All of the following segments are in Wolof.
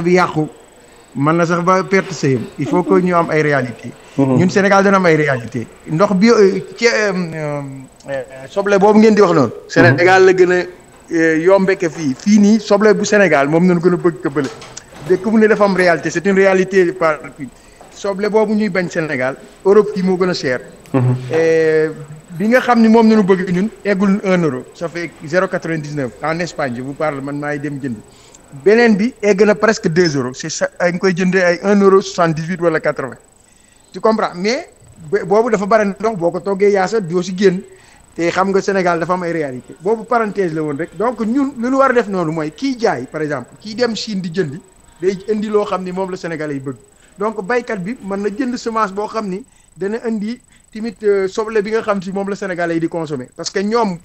bi yàqu mën na sax ba perte sëyam il faut que ñu am ay réalité mhm. ñun Sénégal dana am ay réalité ndox bi euh, ci euh, euh, soble boobu ngeen di wax noonu mhm. Sénégal la gën a yombeke fii fii nii soble bu Sénégal moom nañu gën a bëgg ko bële dëkk mu ne dafa am réalité c'est une réalité par soble boobu ñuy bañ Sénégal Europe kii moo gën a cher mhm. bi nga xam ni moom nañu bëgg ñun eggul un euro ça fait zéro quatre-vingt-dix-neuf en Espagne je vous parle man maay dem jënd beneen bi egg na presque deux euros c'est ça nga koy jëndee ay un euro soixante dix huit wala quatre vingt tu comprends mais boobu dafa bare ndox boo ko toggee yaasa doo si génn te xam nga Sénégal dafa may ay réalité boobu parenthèse la woon rek donc ñun lu ñu war a def noonu mooy kii jaay par exemple kii dem siin di jëndi day indi loo xam ni moom la Sénégalais yi bëgg donc baykat bi mën na jënd semence boo xam ni dana indi tamit euh, soble bi nga xam si moom la Sénégalais yi di consommer parce que ñoom.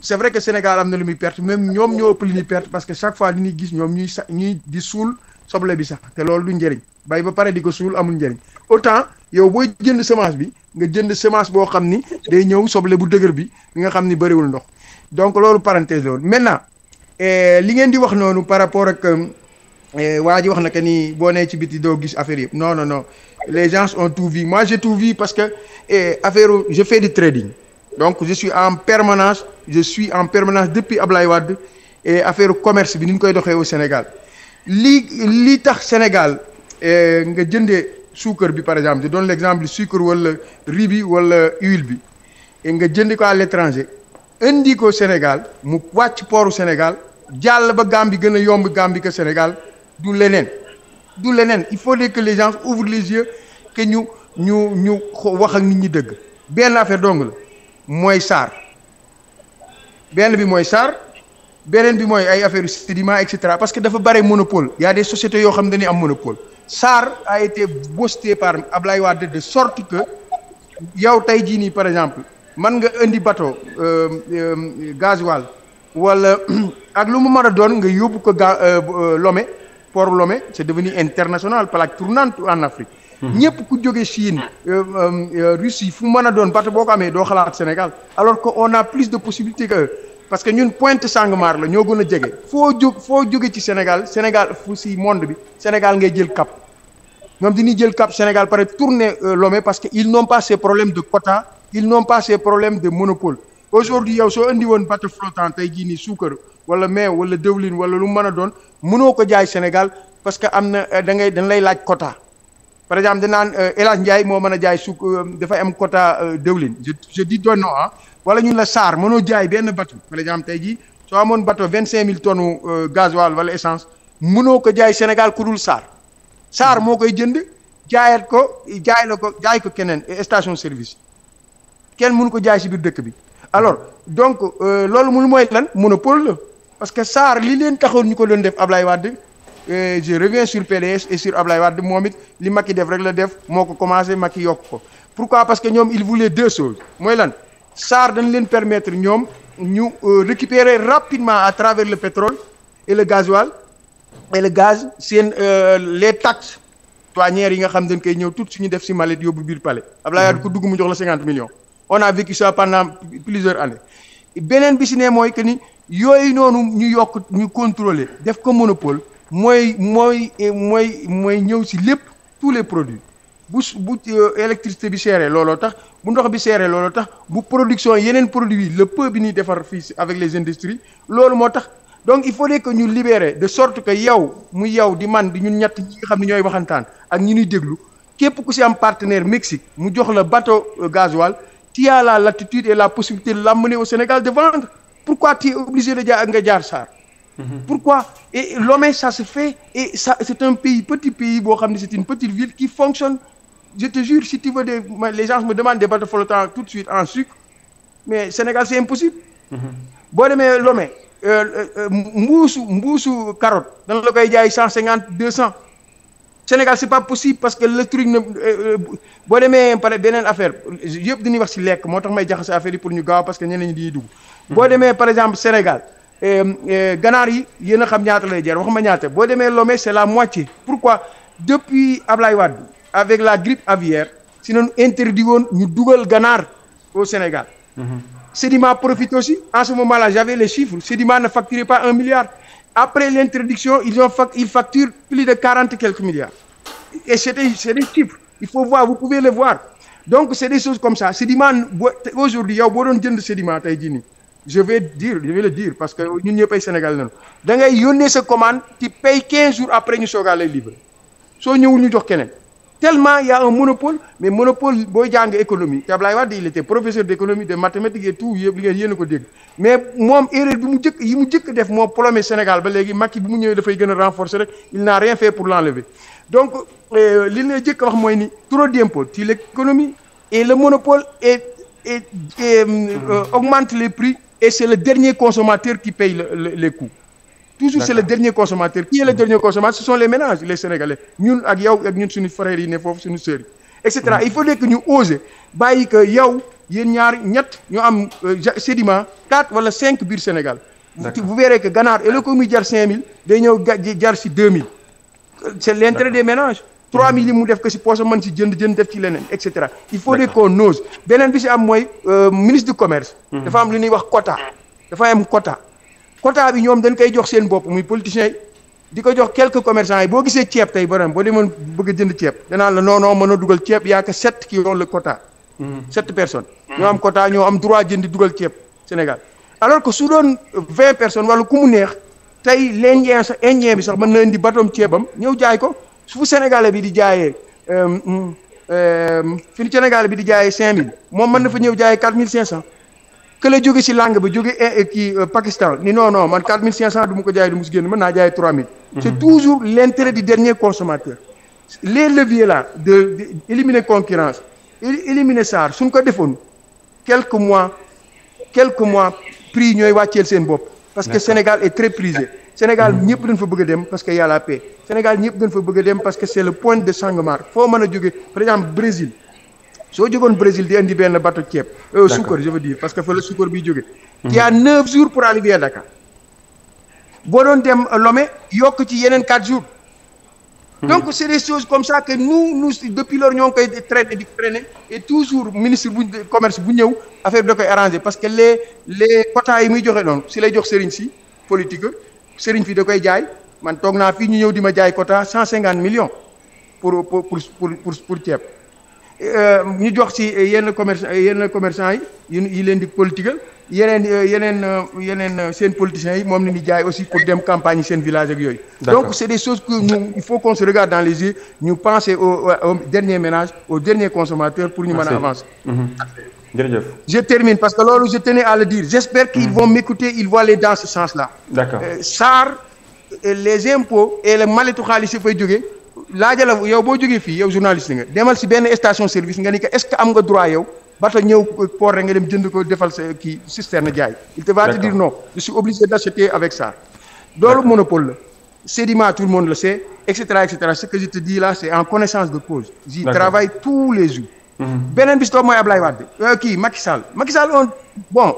c'est vrai que Sénégal am na lu muy perte même ñoom ñoo ëpp li ñuy perte parce que chaque fois li ñuy gis ñoom ñuy sa ñuy di suul soble bi sax te loolu du njëriñ bay ba pare di ko suul amul njëriñ autant yow booy jënd semence bi nga jënd semence boo xam ni day ñëw soble bu dëgër bi bi nga xam ni bëriwul ndox donc loolu parenthèse loolu maintenant eh, li ngeen di wax noonu par rapport ak eh, waa ji wax na que ni boo nee ci biti doo gis affaire yëpp non no non les gens ont tout vu moi j'ai tout parce que eh, affaire je fais donc je suis en permanence je suis en permanence depuis Ablaye Wade et affaire commerce bi ni ñu koy doxee au Sénégal lii lii tax Sénégal eh, nga jëndee suukar bi par exemple je donne l'exemple sucre wala riz bi wala huile bi nga jëndi ko à l'étranger indi ko Sénégal mu wàcc pooru Sénégal jàll ba Gambie gën a yomb Gambie que Sénégal du leneen du leneen il faut que les gens ouvrent les yeux que ñu ñu ñu wax ak nit ñi dëgg benn affaire dong la. mooy saar benn bi mooy saar beneen bi mooy ay affaire sédiment et parce que dafa bare monopole y a des sociétés yoo xam ne dañuy am monopole SAR a été boosté par Ablaye Wade de sorte que yow tey jii nii par exemple man nga indi bateau euh, euh, gasoil wala ak lu mu mën a doon nga yóbbu ko ga euh, Lomé port Lomé c'est devenu international plaque tournante en Afrique Mm-hmm. ñëpp ku jóge Chine ah. euh, euh, euh, Russie fu mën a doon bateau boo ko amee doo xalaat Sénégal alors que on a plus de possibilités parce que ñun pointe Sangomar la ñoo gën a jege foo jóg foo jóge ci Sénégal Sénégal fu si monde bi Sénégal ngay jël cap ñoom dañuy jël cap Sénégal pare tourner Lomé parce que ils n'ont pas ces problèmes de quota ils n'ont pas ces problèmes de monopole aujourd'hui yow soo indi woon bateau flottant tey jii nii suukar wala mais wala dëwlin wala lu mën a doon mënoo ko jaay Sénégal parce que am na da ngay dañ lay laaj quota par exemple danaan euh, El Hadj Ndiaye moo mën a jaay su euh, dafay am quota euh, dëwlin je je dis doon non ah wala ñun la SAR mënoo jaay benn bateau par exemple tey jii soo amoon bateau vingt cinq mille tonnes gasoil wala essence mënoo ko jaay Sénégal ku saar SAR moo koy jënd jaayat ko jaay la ko jaay ko keneen station service kenn mënu ko jaay si biir dëkk bi alors donc loolu mul mooy lan monopole la parce que SAR li leen taxoon ñu ko doon def Ablaye Wade Euh, je reviens sur PDS et sur Ablaye Wade moom it li Macky def rek la def moo ko commencé makki yokk ko pourquoi parce que ñoom il voulait deux choses mooy lan SAR dañ leen permettre ñoom ñu euh, récupérer rapidement à travers le pétrole et le gasoil et le gaz seen euh, les taxes douanières yi nga xam dañ koy ñëw tout suñu def si mallette yóbbu biir palais Ablaye Wade ku dugg jox la cinquante millions on a vécu ça pendant plusieurs années beneen bi si ne mooy que ni yooyu noonu ñu yokk ñu contrôler def ko monopole mooy mooy eh, mooy mooy ñëw si lépp tous les produits bu bu euh, électricité bi seeree looloo tax bu ndox bi seeree looloo tax bu production yeneen produits le peu bi ñuy defar fii avec les industries loolu moo tax donc il fallait que ñu libérer de sorte que yow mu yow di man di ñun ñett ñi nga xam ne ñooy waxantaan ak ñi ñuy déglu képp ku si am partenaire Mexique mu jox la bateau euh, gasoil tu as la latitude et la possibilité de l'amener au Sénégal de vendre pourquoi tu es obligé de jaar nga jaar Sarr Mhm. pourquoi et Lomé ça se fait et ça c'est un pays petit pays boo xam ne c'est une petite ville qui fonctionne je te jure si tu veux des les gens me demandent des bateaux flottants tout de suite en sucre mais Sénégal c'est impossible mhm. boo demee Lomé euh, euh, mbuusu mbuusu carotte dana la koy jaay cent cinquante deux cent Sénégal c'est pas possible parce que le truc ne euh, boo demee pare beneen affaire yëpp dañuy lekk moo tax may jaxase affaire yi pour ñu gaaw parce que ñeneen ñi di dugg mhm. boo demee par exemple Sénégal Euh, euh, ganaar yi yéen a xam ñaata lay jar waxuma ñaata boo demee Lomé c'est la moitié pourquoi depuis Ablaye Wade avec la grippe aviaire si noonu interdit woon ñu dugal ganaar au Sénégal. Mhm. Sedima profite aussi en ce moment-là j'avais le chiffres Sedima ne facturait pas un milliard après l'interdiction ils ont fac ils facturent plus de quarante et quelques milliards et c'est des chiffres il faut voir vous pouvez les voir donc c'est des choses comme ça Sedima aujourd'hui yow boo doon jënd Sedima tey nii. je vais dire parce que ñun ñëpp ay Sénégal lañu da ngay yónnee sa commande ci pay 15 jours après ñu soogaa lay livré soo ñëwul ñu jox keneen tellement y a un monopole mais monopole booy jàng économie te Ablaye Wade il était professeur d'économie de mathématiques et tout yëpp li ngeen yéen a ko dégg mais moom erreur bi mu jëkk yi mu jëkk def moo plombé Sénégal ba léegi Macky bi mu ñëwee dafay gën a rek il n'a rien fait pour l'enlever donc euh, li ñu jëkk wax mooy ni trop d'impôts ci l'économie et le monopole et et, et euh, les prix et c'est le dernier consommateur qui paye le, le, les coûts toujours c'est le dernier consommateur qui est le mm-hmm. dernier consommateur ce sont les ménages les sénégalais ñun ak yow ak ñun suñu frères yi ne foofu suñu sœurs yi et cetera mm-hmm. il faut que ñu ose bàyyi que yow yéen ñaar ñett ñu am euh, sédiment quatre wala cinq biir Sénégal vous verrez que ganaar et le ko jar cinq mille day ñëw jar si deux mille c'est l'intérêt des ménages trois mille yi mu def ko si poche mën si jënd jënd def ci leneen et cetera il faut que qu'on ose beneen bi si am mooy euh, ministre du commerce mm-hmm. dafa am lu ñuy wax quota dafa am quota quota bi ñoom dañ koy jox seen bopp muy politiciens yi di ko jox quelques commerçants yi boo gisee ceeb tey borom boo demoon bëgg a jënd ceeb danaa la non non mën a dugal ceeb yaa ko sept ki loolu la quota mm-hmm. sept personnes mm-hmm. ñoo am quota ñoo am droit jënd dugal ceeb Sénégal alors que su doon vingt personnes wala ku mu neex tey l'Indien sax Indien bi sax mën na indi batom ceebam ñëw jaay ko fu Sénégalais bi di jaayee euh, mm, euh, fi nu Sénégalais bi di jaayee cinq mille moom mën na fa ñëw jaayee quatre mille cinq cent que la jóge si langue bi jóge euh, kii Pakistan ni non non man quatre mille cinq cent du ma ko jaayee du mu si génn mën naa jaayee trois mille. Mhm. c'est toujours l'intérêt du dernier consommateur. les leviers là de éliminer concurrence éliminer SAR suñ ko defoon quelques mois quelques mois prix ñooy wàcceel seen bopp. parce que Sénégal est très prisé. Sénégal mhm. ñëpp dañ fa bëgg dem parce que y a la paix. Sénégal ñëpp gën fa bëgg a dem parce que c' est le point de Sangomar foo mën a jóge par exemple Brésil soo jógoon Brésil di indi benn bateau ceeb. Euh, d' suukar je veux dire parce que fa la suukar bi jóge. Mhm. y' a neuf jours pour arriver à Dakar. boo doon dem euh, lome yokk ci yeneen quatre jours. Mhm. donc c' est des choses comme ça que nous nous depuis lors ñoo koy traité di traîner et toujours ministre bu commerce bu ñëw affaire bi da koy arrangé parce que les les quotas yi muy joxe noonu si lay jox sëriñ si politique sëriñ fi da koy jaay. man toog naa fii ñu ñëw di ma jaay quota cent cinquante millions pour pour pour ceeb euh, ñu jox si yenn commerçant yenn commerçant yi yi leen di politiqual yeneen yeneen yeneen seen politiciens yi moom ni ñuy jaay aussi pour dem campagne seen village ak yooyu. donc c' est des choses que nous il faut qu'on se regarde dans les yeux ñu penser au dernier ménage au dernier consommateur pour ñu mën a avancer. Mhm. jërëjëf je termine parce que loolu je tenais à le dire. j' espère mhm. vont m'écouter ils vont dans ce sens là. d' les impôts et le maletu xaalis yi fay jóge laajala yow boo jógee fii yow journaliste nga demal si benn station service nga ni ko est-ce que am nga droit yow bata ñëw port rek nga dem jënd ko defal sa kii cisterne jaay il te va te dire non je suis obligé d'acheter avec ça loolu monopole la Sedima tout le monde le sait et ce que je te dis là c'est en connaissance de cause j'y travaille tous les jours mhm. beneen bi si toog mooy Ablaye Wade euh, kii Macky on bon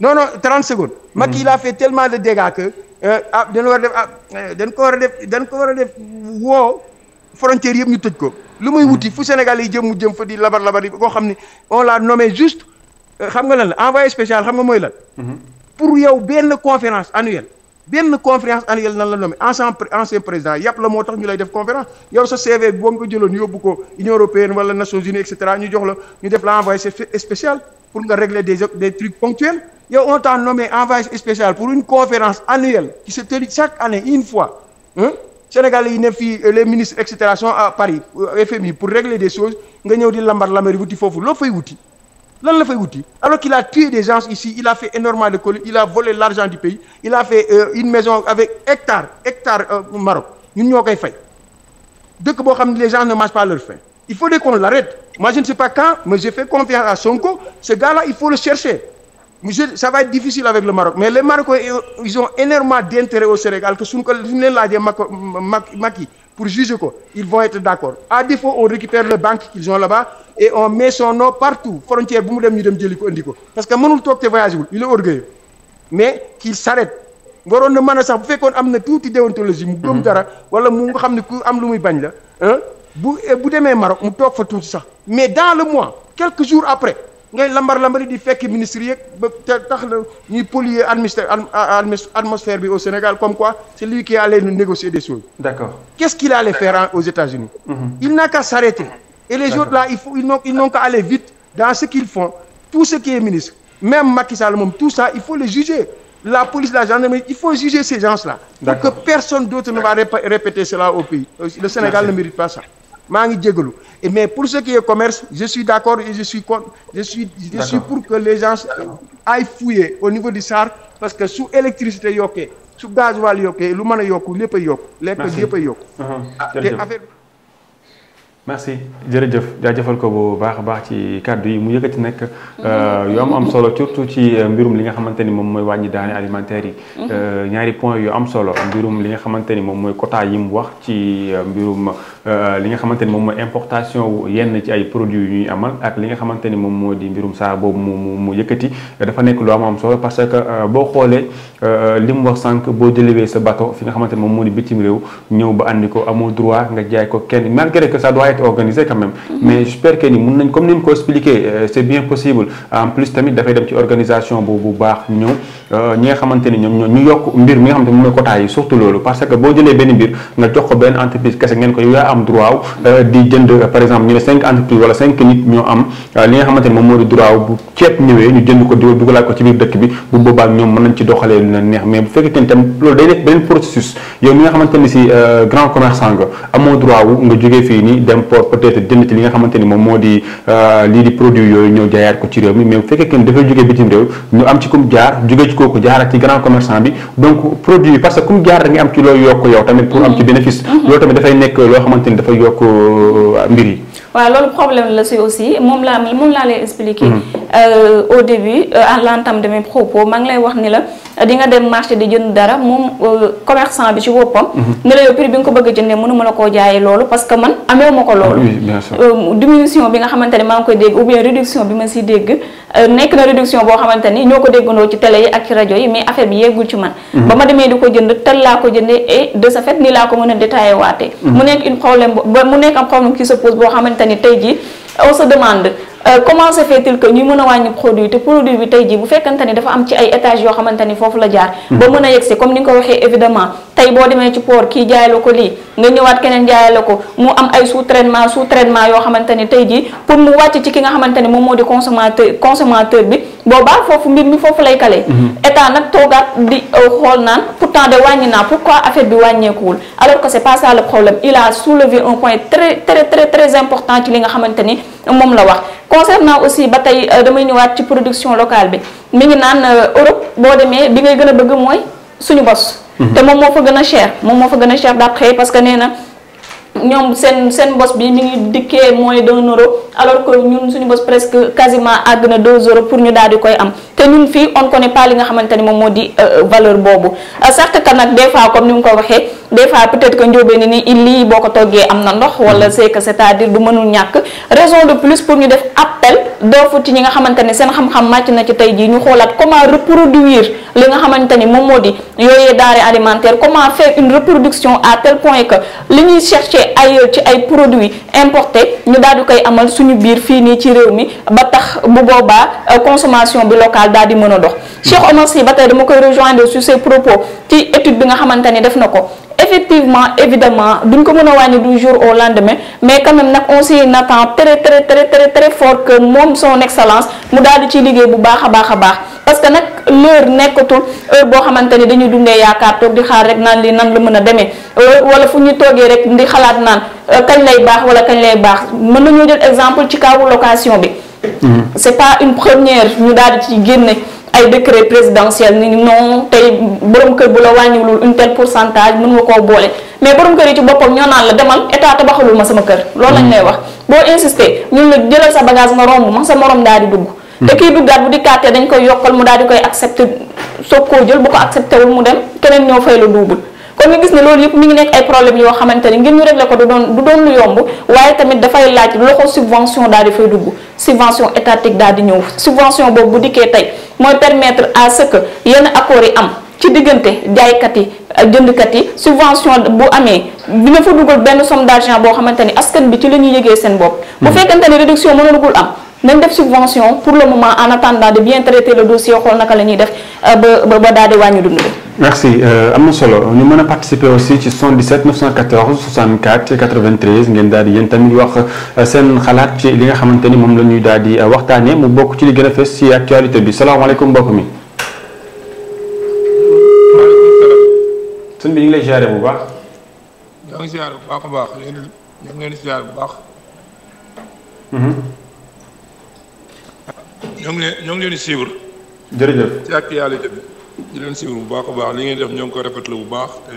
non non 30 secondes. Macky il a fait tellement de dégâts que euh, ah dañu war def ah euh, dañu ko war a def dañu ko war a def woo frontière yëpp ñu tëj ko. lu muy wuti fu Sénégal yi jëm mu jëm fa di labar labar yi koo xam ne on l'a nommé juste euh, xam nga lan la envoyé spécial xam nga mooy lan. Mhm. pour yow benn conférence annuelle. benn conférence annuelle nan la nommé ancien ancien président yàpp la moo tax ñu lay def conférence yow sa CV boo nga ko jëloon yóbbu ko Union européenne wala Nations unies et ñu jox la ñu def la envoyé spécial pour nga régler des des trucs ponctuels yow on t'a nommé envoyé spécial pour une conférence annuelle qui se tient chaque année une fois hein Sénégal yi ne fii les ministres et cetera à Paris euh, FMI pour régler des choses nga ñëw di lambar lambar wuti foofu loo fay wuti. lan la fay wuti alors qu'il a tué des gens ici il a fait énormément de colis il a volé l'argent du pays il a fait euh, une maison avec hectare hectare euh, Maroc ñun ñoo koy fay dëkk boo xam ne les gens ne mangent pas leur faim il faut qu'on l'arrête moi je ne sais pas quand mais j'ai fait confiance à Sonko ce gars-là il faut le chercher monsieur ça va être difficile avec le Maroc mais les Marocains ils ont énormément d'intérêt au Sénégal que suñ ko suñu leen laajee Macky pour juger ko ils vont être d'accord à défaut on récupère le banque qu'ils ont là et on met son partout frontière bu mu dem ñu dem jëli ko indi ko parce que mënul toog te voyagé wul il est mais qu'il s'arrête waroon na man a sax bu fekkoon am na tuuti déontologie mu gëm mhm. dara wala mu nga xam ne ku am lu muy bañ la bu bu demee Maroc mu toog fa tuuti sax mais dans le mois quelques jours après ngay lambar lambari di fekk ministre yeeg ba tax na ñuy polluer atmosphère bi au Sénégal comme quoi c'est lui qui allait nous négocier des choses. qu'est-ce qu'il allait faire aux États-Unis mm-hmm. il n'a qu'à s'arrêter et les autres là il faut ils n'ont ils n'ont qu'à aller vite dans ce qu'ils font tout ce qui est ministre même Macky Sall moom tout ça il faut le juger la police la gendarmerie il faut juger ces gens-là pour que personne d'autre ne va répéter cela au pays euh, le Sénégal ne mérite pas ngi jégalu Et mais pour ce qui est commerce, je suis d'accord et je suis, je je suis pour que les gens aillent au niveau du SAR parce que sous électricité yokkee su gaz yokkee lu mën a yokku lépp a yokku lekk lépp a yokku uh-huh. ah, affaire merci jërëjëf jaajëfal ko bu baax a baax ci kàddu yi mu yëkkati nekk euh, yu am am solo surtout ci euh, mbirum li nga xamante ni moom mooy wàññi daani alimentaire yi mm-hmm. euh, ñaari point yu am solo mbirum li nga xamante ni moom mooy quota yi mu wax ci mbirum li nga xamante ni moom mooy importation wu yenn ci ay produits yu ñuy amal ak li nga xamante ni moom moo di mbirum saa boobu mu mu yëkkati dafa nekk lu am am solo parce que boo xoolee Euh, li mu wax sànq boo délivré sa bateau fi nga xamante ne moom moo di bitim réew ko amoo droit nga jaay mm-hmm. mais j'espère que ni mun nañ comme ni ñu ko expliqué euh, c'est bu baax ñëw euh, ñi nga xamante ni ñoom ñoo ñu yokk mi nga xamante ne mooy quota yi boo jëlee benn mbir nga jox ko benn entreprise kese ngeen ko yaa am droit di jënd par exemple ñu ne cinq entreprise wala cinq nit ñoo am li nga xamante ne moom moo di droit bu ceeb ñëwee ñu jënd ko di dugalaat ko ci biir dëkk bi bu boobaa ñoom mën nañ ci doxalee dem la neex mais bu fekkee ne tamit loolu day nekk beneen processus yow mi nga xamante ni euh, grand commerçant nga amoo droit wu nga jógee fii nii dem port peut-être ci li nga xamante ni moom moo di euh, lii di produit yooyu ñëw jaayaat ko ci réew mi mais bu fekkee ne dafay jógee bitim réew ñu am ci kum jaar jógee ci kooku jaaraat ci grand commerçant bi donc produit yi parce que kum jaar da nga am ci looy yokk yow tamit pour am ci bénéfice mhm. Mhm. loolu tamit dafay Euh, au début euh, à l'entame de mes propos maa ngi lay wax ni la di nga dem marché di jënd dara moom euh, commerçant bi ci boppam. Mhm. ne la yow prix bi nga ko bëgg que man amee ma ko loolu. oui bien sûr diminution bi nga ne maa ngi koy dégg ou bien réduction bi ma si dégg nekk na réduction boo xamante ni ñoo ko déggandoo ci télé yi ak ci rajo yi mais affaire bi yeggul ci man. Mhm. ba ma demee di ko jënd tel laa ko jëndee et de laa ko mën a détaillé waatee. Mhm. mu nekk une problème mu nekk am problème qui se pose boo xamante ni tey jii. on sa demande euh, comment se fait ñu mën a wàññi produit te produit bi tey jii bu fekkante ni dafa am ci ay étage yoo xamante ni foofu la jaar hmm. ba mën a yegsi comme ni nga ko waxee évidemment tey boo demee ci poor kii jaay la ko lii nga ñëwaat keneen jaay ko mu am ay sous traitement sous traitement yoo xamante ni tey jii pour mu wàcc ci ki nga xamante ni moom moo di consommateur consommateur bi boobaa foofu mbir mi foofu lay kale mhm. état nag toogaat di euh, xool naan pourtant de wàññi naa pourquoi affaire bi wàññeekuwul alors que c'est pas ça le problème il a soulevé un point très très très très important ci li nga xamante ni moom la wax concernant aussi ba tey euh, damay ñëwaat ci production locale bi mi ngi naan euh, Europe boo demee bi ngay gën a bëgg mooy suñu bos mhm. te moom moo fa gën a cher moom moo fa gën a cher d'après parce que nee na ñoom seen seen bos bi mi ngi dikkee moins d'un euro alors que ñun suñu bos presque quasiment àgg na deux euros pour ñu daal di koy am te ñun fii on connaît pas li nga xamante ni moom moo di euh, valeur boobu euh, certes que nag des fois comme ni mu ko waxee. des fois peut-être que njóobeen ni lii boo ko toggee am na ndox wala mm-hmm. c'est que c'est-à-dire du mënul ñàkk raison de plus pour ñu def appel doofu ci ñi nga xamante ne seen xam-xam màcc na ci tey jii ñu xoolaat comment reproduire li nga xamante ni moom moo di yooyee denrées alimentaires comment faire une reproduction à tel point que li ñuy chercher ailleurs ci ay produit importés ñu daal di koy amal suñu biir fii nii ci réew mi ba tax bu boobaa euh, consommation bi locale daal di mën a dox Cheikh Omar Sy ba tey dama koy rejoindre sur ses propos ci étude bi nga xamante ni def na ko effectivement évidemment duñ ko mën a wàññi du jour au lendemain mais quand même nag on s'y attend très très très très très fort que moom son excellence mu daal di ci liggéey bu baax a baax a baax parce que nag l'heure nekkatul heure boo xamante ni dañuy dundee yaakaar toog di xaar rek naan li nan la mën a demee euh, wala fu ñu toogee rek ndi xalaat naan euh, kañ lay baax wala kañ lay baax mën nañoo jël exemple ci kawu location bi. Mm-hmm. c'est pas une première ñu daal di ci génne. ay décret présidentiel ni non tey borom kër bu la wàññiwul une pour pourcentage mun nga koo boole mais borom kër yi ci boppam ñoo naan la demal état tabaxalul ma sama kër. loolu lañ lay wax boo insister ñun la jëlal sa bagage nga romb ma sa moroom daal di dugg. Hmm. te kiy duggaat bu dikkaatee dañ koy yokkal mu daal di koy accepté soog koo jël bu ko accepté wul mu dem keneen ñoo fay la duubul. dama gis ne loolu yëpp mi ngi nekk ay problème yoo xamante ni ngir ñu régler ko du doon du doon lu yomb waaye tamit dafay laaj loxo subvention daal di fay dugg subvention étatique daal di ñëw subvention boobu bu dikkee tey mooy permettre à ce que yenn accords yi am ci diggante jaaykat yi jëndkat yi subvention bu amee dina fa dugal benn somme d'argent boo xamante ni askan bi ci la ñuy yëgee seen bopp bu hmm. fekkante ni réduction mënulagul am nañ def subvention pour le moment en attendant de bien traiter le dossier xool naka la ñuy def euh, ba ba daal di wàññi dund bi. merci euh, am na solo ñu mën a participer aussi ci 77 914 64 93 ngeen daal di yéen tamit wax euh, seen xalaat ci li nga xamante ni moom la ñuy daal di waxtaanee mu bokk ci li gën a fës ci actualité bi salaamaaleykum mbokk mi. sëñ bi ñu lay ziare bu baax. ñoo baax bu baax. ñoo ngi leen ñoo ngi leen di suivre. jërëjëf ci leen suivre bu baax a baax li ngeen def ñoo ngi koy rafetlu bu baax te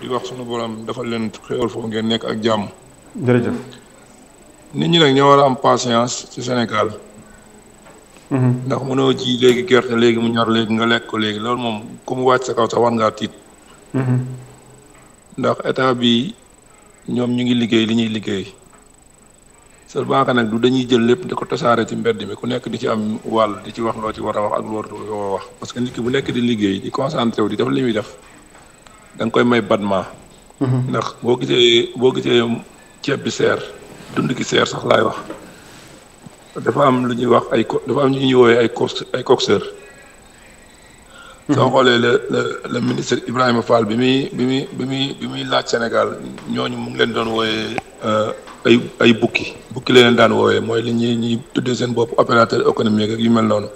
di wax sunu borom dafa leen xéwal foofu ngeen nekk ak jàmm. jërëjëf. nit ñi nag ñoo war a am patience ci Sénégal. Mhm. ndax mu mënoo ci léegi gerte léegi mu ñor léegi nga lekk ko léegi loolu moom ku mu wàcc sa kaw sax war ngaa tiit. Mhm. ndax état bi ñoom ñu ngi liggéey li ñuy liggéey. seulement que dañuy jël lépp di ko tasaare ci mbedd mi ku nekk di ci am wàll di ci wax loo ci war a ak loo war wax parce que nit ki nekk di liggéey di concentré wu li muy def da koy may battement mhm. ndax boo gisee boo gisee ceeb bi seer dund ki sax laay wax am lu ñuy wax ay dafa am ñu ñuy woowee ay cox ay coxeur mhm. soo xoolee le le ministre Ibrahima Fall bi muy bi muy bi muy bi muy laaj Sénégal ñooñu mu ngi leen doon wooyee Euh, ay ay bukki bukki leneen daan woowee mooy li ñuy ñuy tuddee seen bopp opérateur économie ak yu mel noonu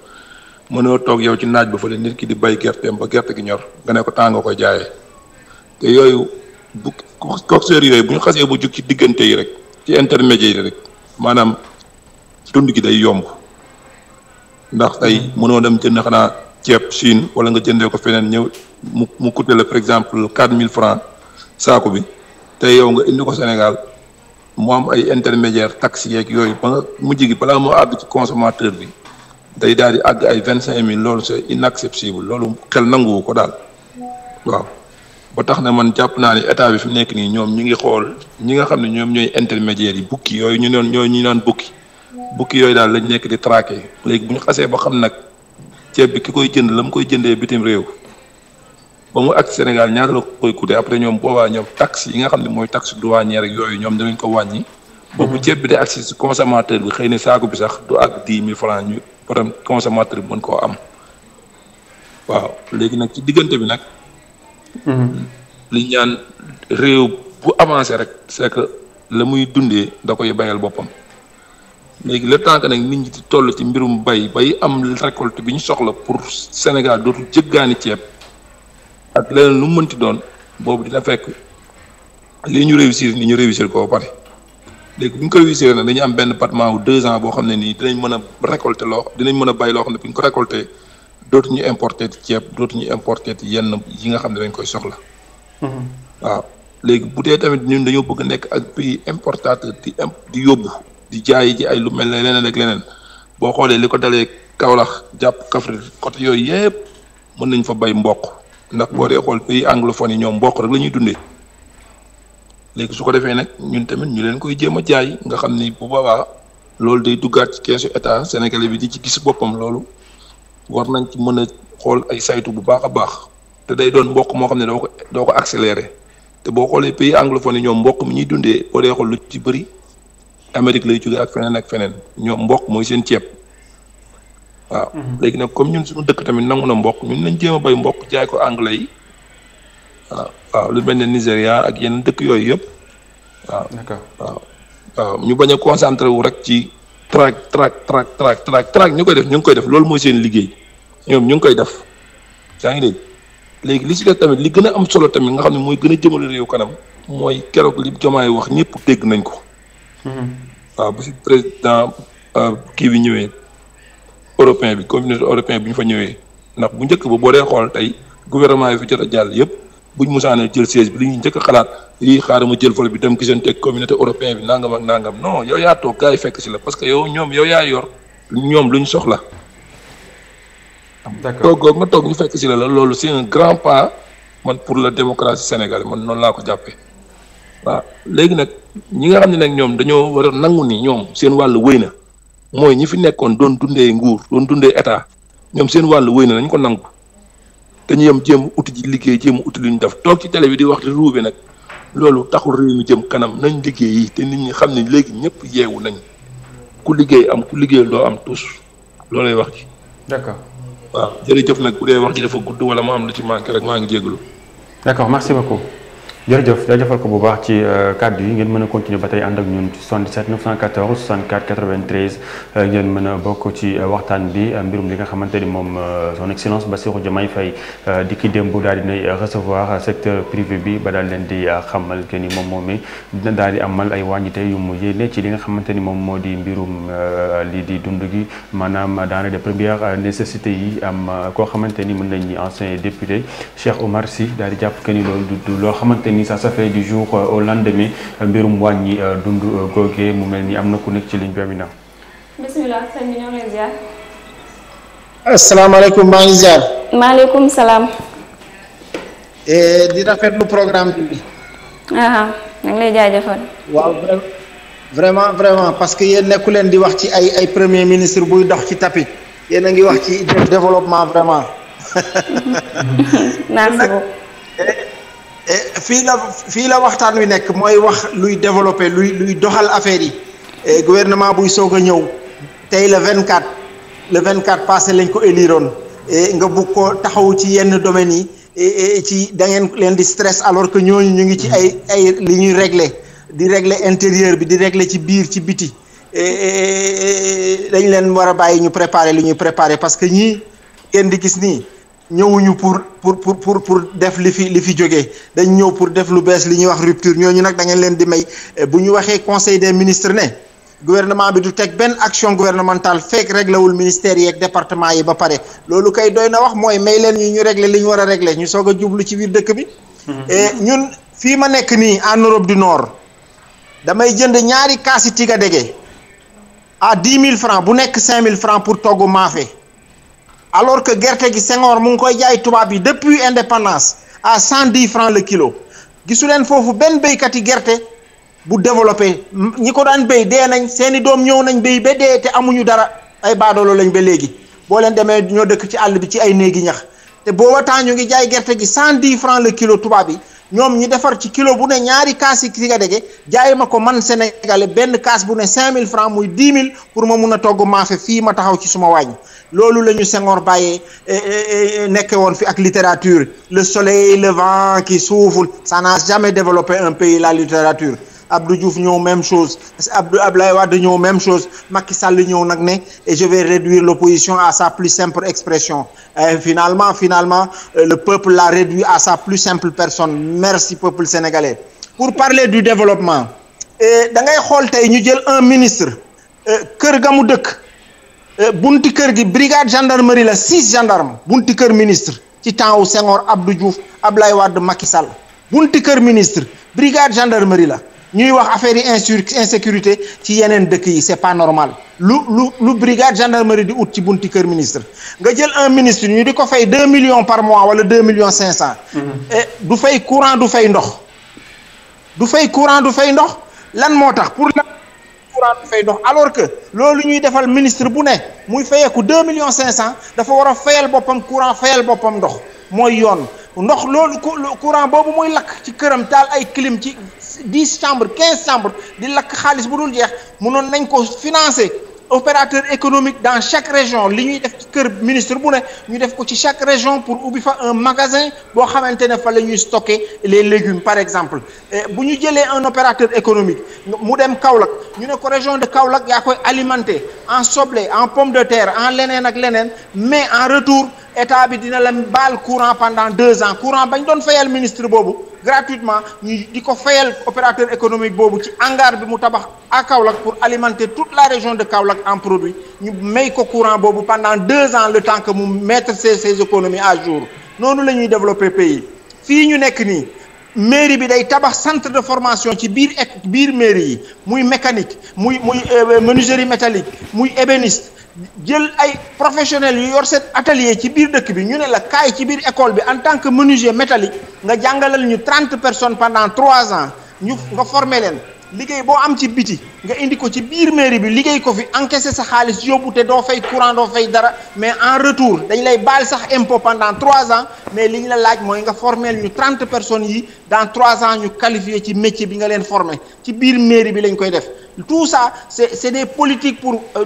mënoo toog yow ci naaj ba fële nit ki di bay gerteem ba gerte gi ñor nga ne ko temps nga koy jaayee te yooyu bu coxeur yooyu bu ñu xasee bu jug ci diggante yi rek ci intermédiaire yi rek maanaam dund gi day yomb ndax tey hmm. mënoo dem jënd xanaa ceeb Chine wala nga jëndee ko feneen ñëw mu mu coûté la par exemple quatre mille francs saako bi te yow nga indi Sénégal. mu am ay intermédiaire taxes yeeg yooyu ba nga mujj gi balaa moo àgg ci consommateur bi day daal di àgg ay vingt cinq mille loolu c'est inacceptable loolu xel nanguwu ko daal waaw ba tax na man jàpp naa ne état bi fi nekk nii ñoom ñu ngi xool ñi nga xam ne ñoom ñooy intermédiaires yi bukki yooyu ñu doon ñooy ñu naan bukki bukki yooyu daal lañ nekk di traqué léegi bu ñu xasee ba xam nag ceeb bi ki koy jënd la mu koy jëndee bitim réew ba mu ak Sénégal ñaata la koy coûté après ñoom boobaa ñoom taxe yi nga xam ne mooy taxe wàññee ak yooyu ñoom dinañ ko wàññi. ba bu ceeb bi de agsi si bi xëy na saako bi sax du ak dix mille franc ñu borom consommateur bi koo am léegi nag ci diggante bi nag. Hmm. li ñaan réew bu avancé rek c'est que la muy dundee da koy bayal boppam. léegi le temps que nag nit ñi di toll ci mbirum bay bay am récolte bi ñu soxla pour Sénégal dootul jëggaani ceeb. ak leneen lu mu mënti doon boobu dina fekk lii ñu réussir ni ñu réussir koo ba pare léegi bu ñu ko réussir nag dañu am benn patement wu deux boo xam ne nii dinañ mën a récolter loo dinañ mën a bàyyi loo xam ne bu ñu ko récolter dootuñu importer ceeb dootuñu importer yenn yi nga xam ne dañ koy soxla. Mm-hmm. waaw léegi bu dee tamit ñun dañoo bëgg a nekk ak pays importateur di imp di yóbbu di jaay ji ay lu mel ne leneen ak leneen boo xoolee li ko dalee Kaolack jàpp Kaffrine côté yooyu yëpp mën nañ fa bay mboq. ndax boo dee xool pays anglophone yi ñoom mboq rek la ñuy dundee léegi su ko defee nag ñun tamit ñu leen koy jéem a jaay nga xam ni bu boobaa loolu day duggaat ci keesu état sénégalais bi di ci gis boppam loolu war nañ ci mën a xool ay saytu bu baax a baax te day doon mboq moo xam ne doo ko doo ko te boo xoolee pays anglophone yi ñoom mboq mi ñuy dundee boo dee xool lu ci bëri Amérique lay jógee ak feneen ak feneen ñoom mboq mooy seen ceeb. waaw léegi nag comme ñun suma dëkk tamit nangu na mboq ñun lañ jéem a béy mboq jaay ko anglais yi waaw waaw lu mel ne Nigéria ak yenn dëkk yooyu yëpp waaw ñu bañ a concentré wu rek ci track track track track track track ñu koy def ñu ngi koy def loolu mooy seen liggéey ñoom ñu ngi koy def yaa léegi li ci def tamit li gën a am solo tamit nga xam ne mooy gën a jëmale réew kanam mooy keroog li jomaay wax ñëpp dégg nañ ko mm-hmm. waaw bu ci président euh, kii bi ñëwee européen bi communauté européen bi ñu fa ñëwee ndax bu njëkk ba boo dee xool tey gouvernement yi fi jot a jàll yëpp buñ musaane jël siège bi li ñu njëkk a xalaat yi xaaral ma jël vol bi dem gisanteeg communauté européen bi nangam ak nangam non yow yaa toog gars yi fekk si la parce que ñoom yow yaa yor ñoom luñ soxla. d'accord toog nga toog ñu fekk si la la loolu c'est un grand pas man pour la démocratie sénégalaise man noonu laa ko jàppe waaw léegi nag ñi nga xam ne nag ñoom dañoo war a nangu ni ñoom seen wàll wéy na. mooy ñi fi nekkoon doon dundee nguur doon dundee état ñoom seen wàll wéy na nañ ko nangu dañu yem jéem uti ji liggéey jéem uti lu ñu def toog ci télé bi di wax di ruube nag loolu taxul réew ñu jëm kanam nañ liggéey yi te nit ñi xam ne léegi ñëpp yeewu nañ ku liggéey am ku liggéey doo am tus loolay wax ji. d'accord waaw jërëjëf nag bu dee wax ji dafa gudd wala mu am lu ci manqué rek maa ngi jégalu. d'accord merci beaucoup. jërëjëf jaajëfal ko bu baax ci euh, kàddu yi ngeen mën a continuer ba tey ànd ak ñun ci 77 914 64 93 ngeen mën a bokk ci euh, waxtaan bi euh, mbirum li nga xamante ni moom son excellence Bassirou Diomaye Faye di ki démb daal dinay recevoir secteur privé bi ba daal leen di xamal que ni moom moom mi dina daal di amal ay wàññite yu mu yéene ci li nga xamante ni moom moo di mbirum lii di dund gi maanaam denrées de première nécessité yi am koo xamante ni mën nañ ancien député Cheikh Omar Sy daal di jàpp que ni loolu du loo xamante ni ni ça se fait du jour euh, au lendemain mbirum wàññi euh, dund euh, googee mu mel ni am na ku nekk ci ligne bi Amina. bisimilah. asalaamaaleykum maa ngi ziar. maaleykum eh, di rafetlu programme bi. ah waaw vraiment vraiment parce que yéen nekku leen di wax ci ay ay premier ministre buy dox ci tapis yéen a ngi wax ci développement vraiment. merci beaucoup. Eh, fii la fii la waxtaan wi nekk mooy wax luy développer luy luy doxal affaire yi eh, gouvernement buy soog a ñëw tey le 24 le quatre passé lañ ko éliroon eh, nga bugg ko taxawu ci yenn domaines yi ci dangeen leen di stress alors que ñooñu ñu ngi ci ay ay li ñuy régler di régler intérieur bi di régler ci biir ci biti dañ leen war a bàyyi ñu préparer li ñuy préparer parce que ñii ngeen di gis nii. ñëwuñu pour pour pour pour pour def li fi li fi jóge dañ ñëw pour def lu bees li ñuy wax rupture ñooñu nag da ngeen leen di may eh, bu ñu waxee conseil des ministre ne gouvernement bi du teg benn action gouvernementale fekk réglewul ministères yeeg département yi ba pare loolu kay doy na wax mooy may leen ñu ñu régler li ñu war a régler ñu soog a jublu ci biir dëkk bi. Mhm. Eh, ñun fii ma nekk nii en Europe du Nord damay jënd ñaari kaasi dege à dix mille francs bu nekk cinq mille francs pour togg maafe. alors que gerte gi Senghor mu ngi koy jaay tubaab yi depuis indépendance à cent dix francs le kilo gisu leen foofu benn béykat yi gerte bu développé ñi ko daan béy dee nañ seeni doom ñëw nañ béy ba dee te amuñu dara ay baadoolo lañ ba léegi boo leen demee ñoo dëkk ci àll bi ci ay néegi ñax te booba temps ñu ngi jaay gerte gi cent dix francs la kilo tubaab yi ñoom ñu defar ci kilo bu ne ñaari kaas yi si nga dege jaay ma ko man Sénégalais benn kaas bu ne cinq 5000 francs muy dix 000 pour ma mun a togg maafe fii ma taxaw ci suma wañ loolu la ñu Senghor bàyyee eh, eh, eh, nekke woon fi ak littérature le soleil le vent qui souffle ça n'a jamais développé un pays la littérature Abdou Diouf ñëw même chose Abdou Abdoulaye Wade ñëw même chose Macky Sall ñëw nag ne et je vais réduire l'opposition à sa plus simple expression et finalement finalement euh, le peuple l'a réduit à sa plus simple personne merci peuple sénégalais pour parler du développement euh, da ngay xool tey ñu jël un ministre euh, kër ga mu dëkk bunti kër gi brigade gendarmerie la six gendarme bunti kër ministre ci temps wu Senghor Abdou Diouf Abdoulaye Wade Macky Sall bunti kër ministre brigade gendarmerie la ñuy wax affaire yi insur insécurité ci yeneen dëkk yi c'est pas normal lu lu lu brigade gendarmerie di ut ci bunti kër ministre nga jël un ministre ñu di ko fay deux millions par mois wala deux millions cinq cent mhm. et eh, du fay courant du fay ndox du fay courant du fay ndox lan moo tax pour lan courant du fay ndox alors que loolu ñuy defal ministre bu ne muy fayeeku deux millions cinq cent dafa war a fayal boppam courant fayal boppam ndox mooy yoon ndox loolu courant boobu muy lakk ci këram taal ay clim ci dix chambres quinze chambres di lakk xaalis bu dul jeex mënoon nañ ko financer opérateur économique dans chaque région li ñuy def ci kër ministre bu ne ñu def ko ci chaque région pour ubbi fa un magasin boo xamante ne fa la ñuy stocker les légumes par exemple bu ñu jëlee un opérateur économique mu dem Kaolack ñu ne ko région de Kaolack yaa koy alimenter en soble en pomme de terre en leneen ak leneen mais en retour état bi dina la baal courant pendant deux ans courant bañ doon fayal ministre boobu gratuitement ñu di ko fayal opérateur économique boobu ci hangar bi mu tabax a Kaolack pour alimenter toute la région de Kaolack en produit ñu may ko courant boobu pendant deux ans le temps que mu mettre ses ses économies à jour noonu la ñuy développer pays fii ñu nekk nii mairie bi day tabax centre de formation ci biir biir mairie yi muy mécanique muy muy euh, menuiserie métallique muy ébéniste jël ay professionnels yu yor seen atelier ci biir dëkk bi ñu ne la kaay ci biir école bi en tant que menuisier métallique nga jàngalal ñu trente personnes pendant trois ans ñu nga former leen liggéey boo am ci biti nga indi ko ci biir mairie bi liggéey ko fi encaisser sa xaalis yóbbu te doo fay courant doo fay dara mais en retour dañ lay baal sax impôt pendant trois ans mais li ñu la laaj mooy nga formel ñu trente personnes yi dans trois ans ñu qualifié ci métier bi nga leen formé ci biir mairie bi lañ koy def tout ça c'est c'est des politiques pour euh,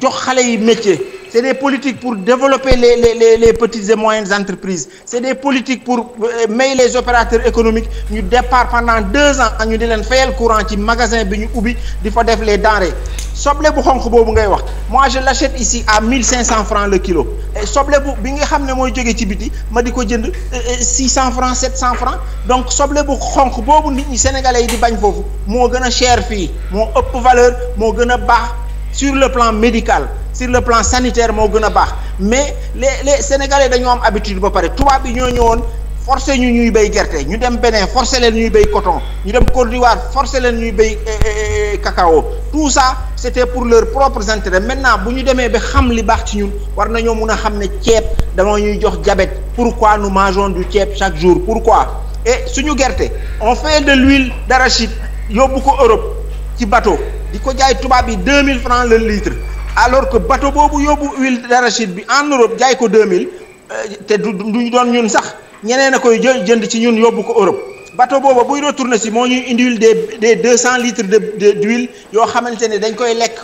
jox xale yi métier c'est des politiques pour développer les les les les petites et moyennes entreprises c'est des politiques pour euh, may les opérateurs économiques ñu départ pendant deux ans ñu di leen fayal courant ci magasin bi ñu ubbi difa def les denrées soble bu xonq boobu ngay wax mois je l'achète ici à mille cinq cent francs le kilo soble bu bi nga xam ne mooy jóge ci biti ma di ko jënd euh, euh, six cent francs sept cent francs donc soble bu xonq boobu nit ñi sénégalais yi di bañ foofu moo gën a cher fii moo ëpp valeur moo gën a baax sur le plan médical sur le plan sanitaire moo gën a baax mais les les sénégalais dañoo am habitude ba pare tubaab bi ñoo ñëwoon. force ñu ñuy béy gerte ñu dem beneen forcé leen ñuy béy coton ñu dem Côte d'Ivoire forcé leen ñuy béy eh, eh, eh, cacao tout ça c'était pour leurs propres intérêts maintenant bu ñu demee ba xam li baax ci ñun war nañoo mun a xam ne ceeb dama ñuy jox jabet pourquoi nous mangeons du ceeb chaque jour pourquoi et suñu gerte on fait de l'huile d'arachide yóbbu ko Europe ci bateau di ko jaay tubaab yi deux mille francs le litre alors que bateau boobu yóbbu huile d'arachide bi en Europe jaay ko deux mille euh, te du duñu doon ñun sax ñeneen a koy jënd ci ñun yóbbu ko Europe bateau booba buy retourné si moo ñuy indiwil de des deux cent litres de de d'huile yoo xamante ne dañ koy lekk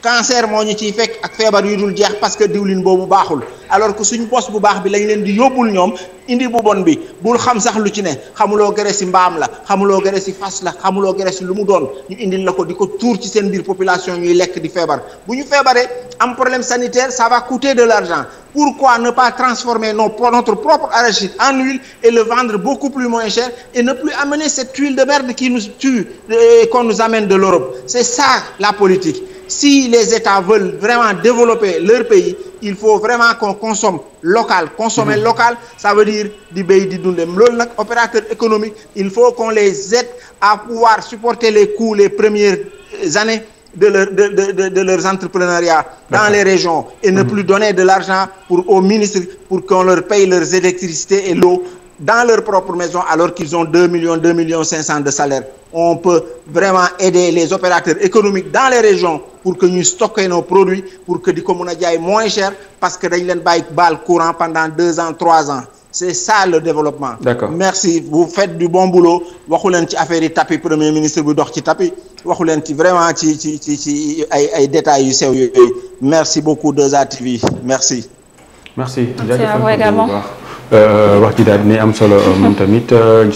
cancer moo ñu ciy fekk ak feebar yu dul jeex parce que diwlin boobu baaxul alors que suñ bos bu baax bi lañ leen di yóbbul ñoom indi bu bon bi bul xam sax lu ci ne xamuloo gere si mbaam la xamuloo gere si fas la xamuloo gere si lu mu doon ñu indil la ko di ko tuur ci seen biir population ñuy lekk di feebar bu ñu feebaree am problème sanitaire ça va coûter de Pourquoi ne pas transformer nos, notre propre arachide en huile et le vendre beaucoup plus moins cher et ne plus amener cette huile de merde qui nous tue qu'on nous amène de l'Europe? C'est ça la politique. Si les États veulent vraiment développer leur pays, il faut vraiment qu'on consomme local. Consommer mmh. local, ça veut dire di béy di dunde. Loolu nag opérateur économique, il faut qu'on les aide à pouvoir supporter les coûts les premières années. de leur de de de, de leurs entrepreneuriats dans les régions et ne mhm. plus donner de l'argent pour aux ministres pour qu'on leur paye leurs électricités et l'eau dans leur propre maison alors qu'ils ont 2 millions 2 millions 500 de salaire on peut vraiment aider les opérateurs économiques dans les régions pour que ñuy stocker nos produits pour que di ko mën jaay moins cher parce que dañ leen bàyyi baal courant pendant deux ans trois ans c'est ça le développement. d'accord merci vous faites du bon boulot waxu leen ci affaire yi tapis premier ministre bu dox ci tapis waxu leen ci vraiment ci ci ci ci ay ay yu sew yooyu merci beaucoup 2ATV merci. merci jaajëfal également euh, wax ji daal dina am solo euh, moom tamit. Euh,